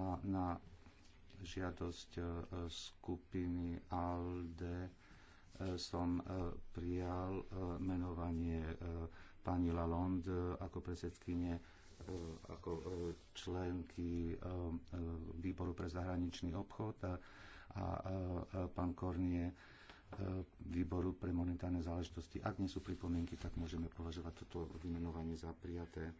a na žiadosť e, skupiny ALDE som e, prijal e, menovanie pani Lalonde ako predsedkyne ako členky výboru pre zahraničný obchod a, a, a pán Kornie výboru pre monetárne záležitosti. Ak nie sú pripomienky, tak môžeme považovať toto vymenovanie za prijaté.